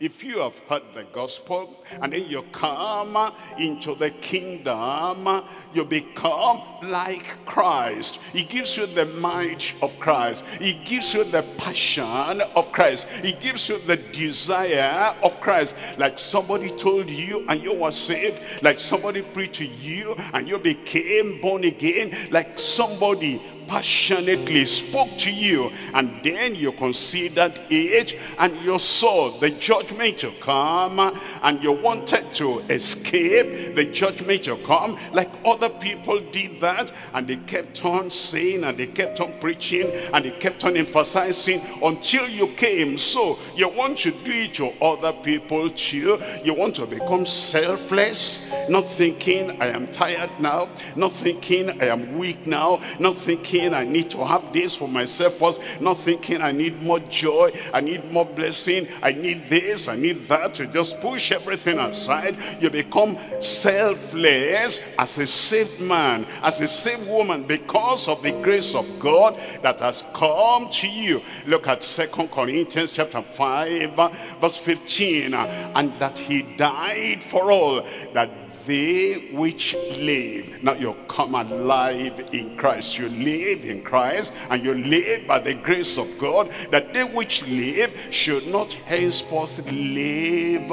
If you have heard the gospel and then you come into the kingdom, you become like Christ. He gives you the might of Christ. He gives you the passion of Christ. He gives you the desire of Christ. Like somebody told you and you were saved. Like somebody prayed to you and you became born again. Like somebody passionately spoke to you and then you considered it and you saw the judgment to come and you wanted to escape the judgment to come like other people did that and they kept on saying and they kept on preaching and they kept on emphasizing until you came so you want to do it to other people too you want to become selfless not thinking I am tired now not thinking I am weak now not thinking thinking I need to have this for myself first, not thinking I need more joy, I need more blessing, I need this, I need that. You just push everything aside. You become selfless as a saved man, as a saved woman, because of the grace of God that has come to you. Look at Second Corinthians chapter 5, verse 15. And that he died for all, that they which live. Now you come alive in Christ. You live in Christ and you live by the grace of God that they which live should not henceforth live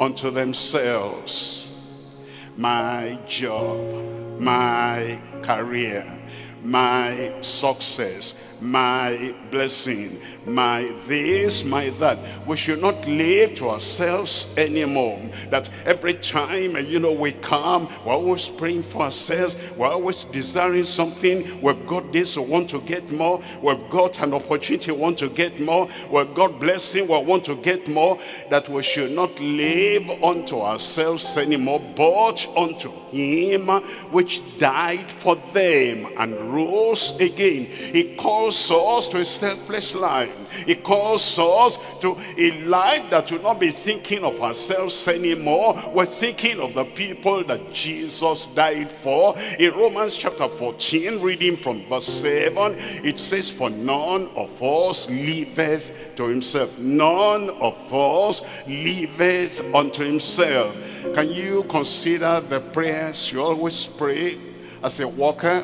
unto themselves. My job, my career, my success, my blessing, my this, my that. We should not live to ourselves anymore. That every time, you know, we come, we're always praying for ourselves. We're always desiring something. We've got this, we want to get more. We've got an opportunity, we want to get more. We've got blessing, we want to get more. That we should not live unto ourselves anymore, but unto him which died for them and rose again. He calls us to a selfless life. He calls us to a life that will not be thinking of ourselves anymore. We're thinking of the people that Jesus died for. In Romans chapter 14, reading from verse 7, it says, For none of us liveth to himself. None of us liveth unto himself. Can you consider the prayers you always pray as a worker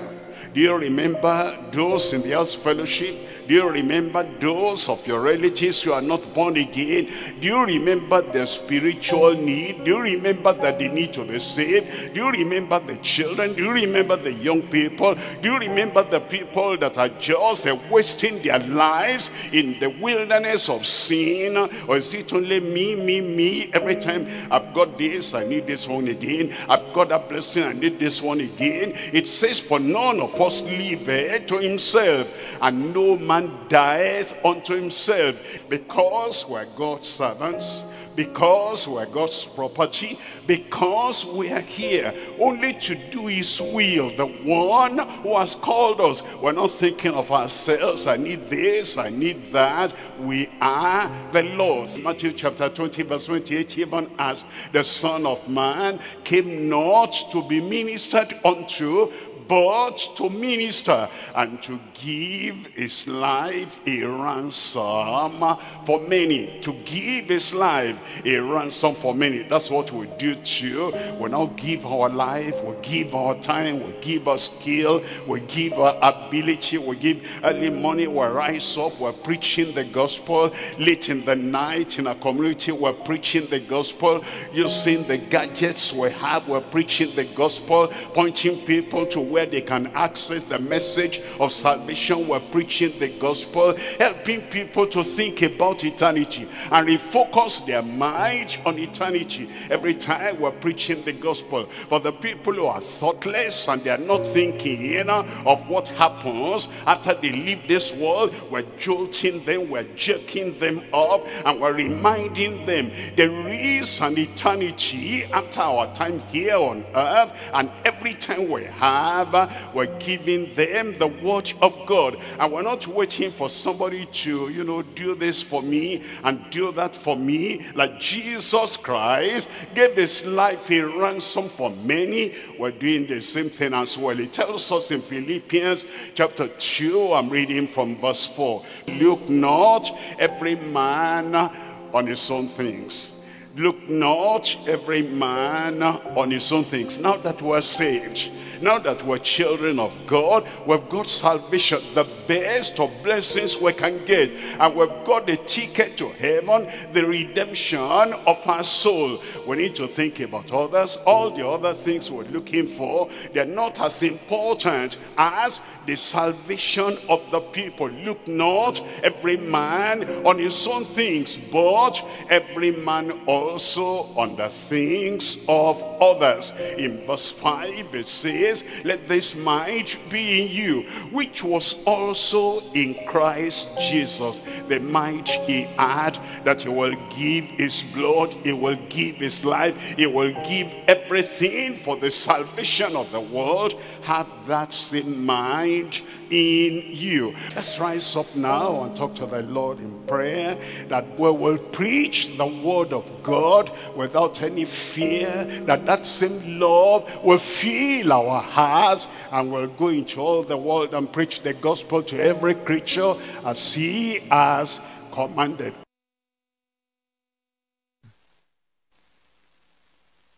do you remember those in the house fellowship? Do you remember those of your relatives who are not born again? Do you remember their spiritual need? Do you remember that they need to be saved? Do you remember the children? Do you remember the young people? Do you remember the people that are just wasting their lives in the wilderness of sin? Or is it only me, me, me? Every time I've got this, I need this one again. I've got that blessing, I need this one again. It says for none of us liveth to himself, and no man dieth unto himself, because we're God's servants because we're God's property, because we are here only to do his will, the one who has called us. We're not thinking of ourselves, I need this, I need that. We are the Lord's. Matthew chapter 20 verse 28, even as the Son of Man came not to be ministered unto, but to minister and to give his life a ransom for many. To give his life a ransom for many. That's what we do too. We now give our life, we give our time, we give our skill, we give our ability, we give early morning, we rise up, we're preaching the gospel. Late in the night in our community, we're preaching the gospel. Using the gadgets we have, we're preaching the gospel, pointing people to where they can access the message of salvation. We're preaching the gospel, helping people to think about eternity and refocus their might on eternity every time we're preaching the gospel. For the people who are thoughtless and they are not thinking you know, of what happens after they leave this world, we're jolting them, we're jerking them up, and we're reminding them there is an eternity after our time here on earth, and every time we have, we're giving them the word of God. And we're not waiting for somebody to, you know, do this for me and do that for me like Jesus Christ gave his life a ransom for many. We're doing the same thing as well. He tells us in Philippians chapter 2, I'm reading from verse 4. Look not every man on his own things Look not every man on his own things. Now that we're saved, now that we're children of God, we've got salvation, the best of blessings we can get. And we've got the ticket to heaven, the redemption of our soul. We need to think about others. All the other things we're looking for, they're not as important as the salvation of the people. Look not every man on his own things, but every man on also on the things of others. In verse 5 it says, Let this mind be in you, which was also in Christ Jesus. The might he had that he will give his blood, he will give his life, he will give everything for the salvation of the world. Have that same mind in you. Let's rise up now and talk to the Lord in prayer that we will preach the word of God God without any fear that that same love will fill our hearts and will go into all the world and preach the gospel to every creature as he has commanded.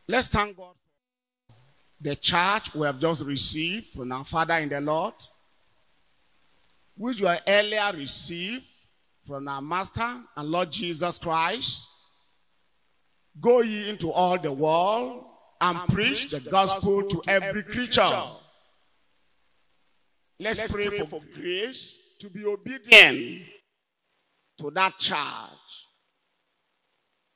Let's thank God the charge we have just received from our Father in the Lord, which we earlier received from our Master and Lord Jesus Christ, Go ye into all the world and, and preach, preach the gospel to every creature. Let's, Let's pray, pray for grace to be obedient to that charge.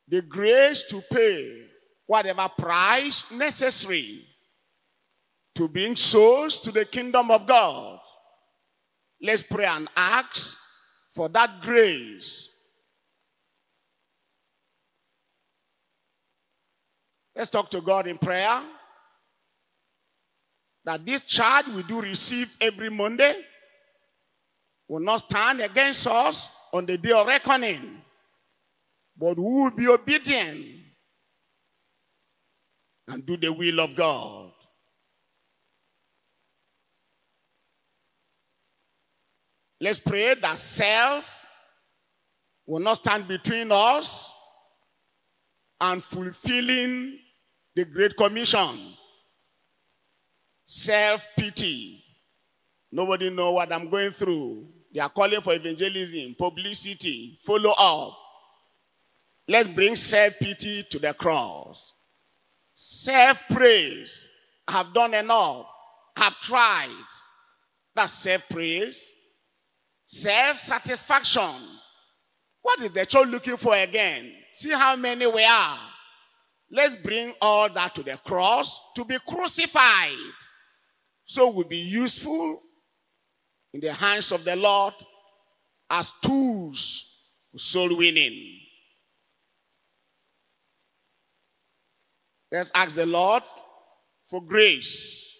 The grace to pay whatever price necessary to bring souls to the kingdom of God. Let's pray and ask for that grace Let's talk to God in prayer. That this charge we do receive every Monday will not stand against us on the day of reckoning, but we will be obedient and do the will of God. Let's pray that self will not stand between us and fulfilling the Great Commission, self pity. Nobody know what I'm going through. They are calling for evangelism, publicity, follow up. Let's bring self pity to the cross. Self praise. I have done enough. I have tried. That's self praise. Self satisfaction. What is the church looking for again? See how many we are. Let's bring all that to the cross to be crucified so we'll be useful in the hands of the Lord as tools for soul winning. Let's ask the Lord for grace.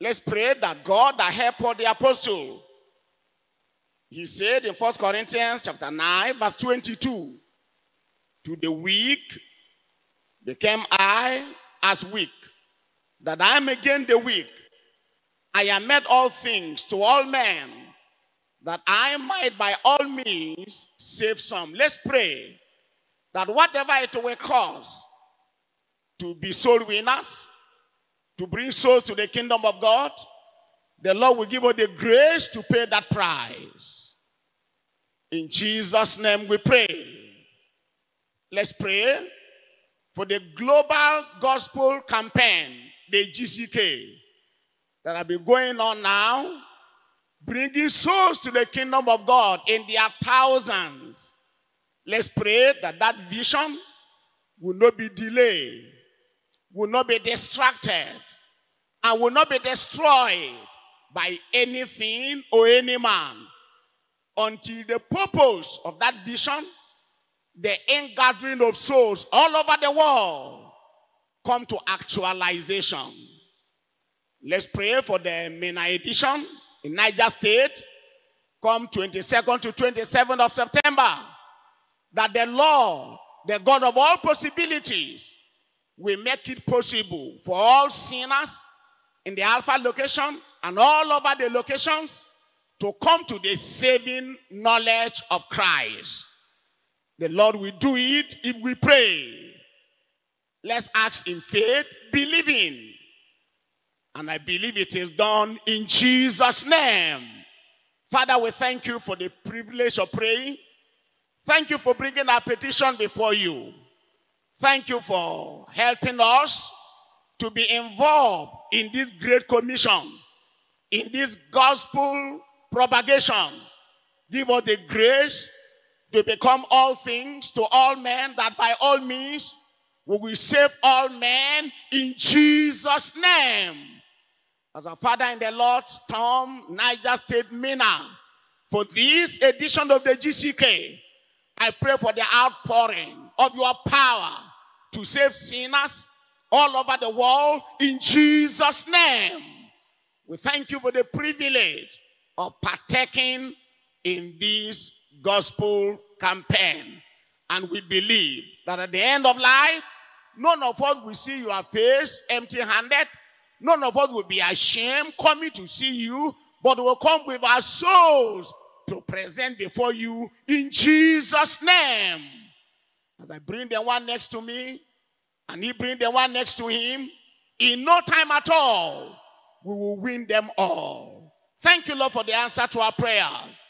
Let's pray that God that helped the apostle. He said in First Corinthians chapter 9, verse 22. To the weak became I as weak, that I am again the weak. I am made all things to all men, that I might by all means save some. Let's pray that whatever it will cause to be soul winners, to bring souls to the kingdom of God, the Lord will give us the grace to pay that price. In Jesus' name we pray. Let's pray for the global gospel campaign, the GCK, that have been going on now, bringing souls to the kingdom of God in their thousands. Let's pray that that vision will not be delayed, will not be distracted, and will not be destroyed by anything or any man until the purpose of that vision the ingathering of souls all over the world come to actualization. Let's pray for the MENA edition in Niger State, come 22nd to 27th of September, that the Lord, the God of all possibilities, will make it possible for all sinners in the Alpha location and all over the locations to come to the saving knowledge of Christ. The Lord will do it if we pray. Let's ask in faith, believing. And I believe it is done in Jesus' name. Father, we thank you for the privilege of praying. Thank you for bringing our petition before you. Thank you for helping us to be involved in this great commission, in this gospel propagation. Give us the grace to become all things to all men, that by all means we will save all men in Jesus' name. As our father in the Lord, Tom Niger State Mina, for this edition of the GCK, I pray for the outpouring of your power to save sinners all over the world in Jesus' name. We thank you for the privilege of partaking in this gospel campaign. And we believe that at the end of life, none of us will see your face empty handed. None of us will be ashamed coming to see you, but will come with our souls to present before you in Jesus' name. As I bring the one next to me, and he bring the one next to him, in no time at all, we will win them all. Thank you, Lord, for the answer to our prayers.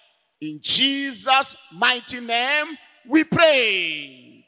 In Jesus' mighty name, we pray.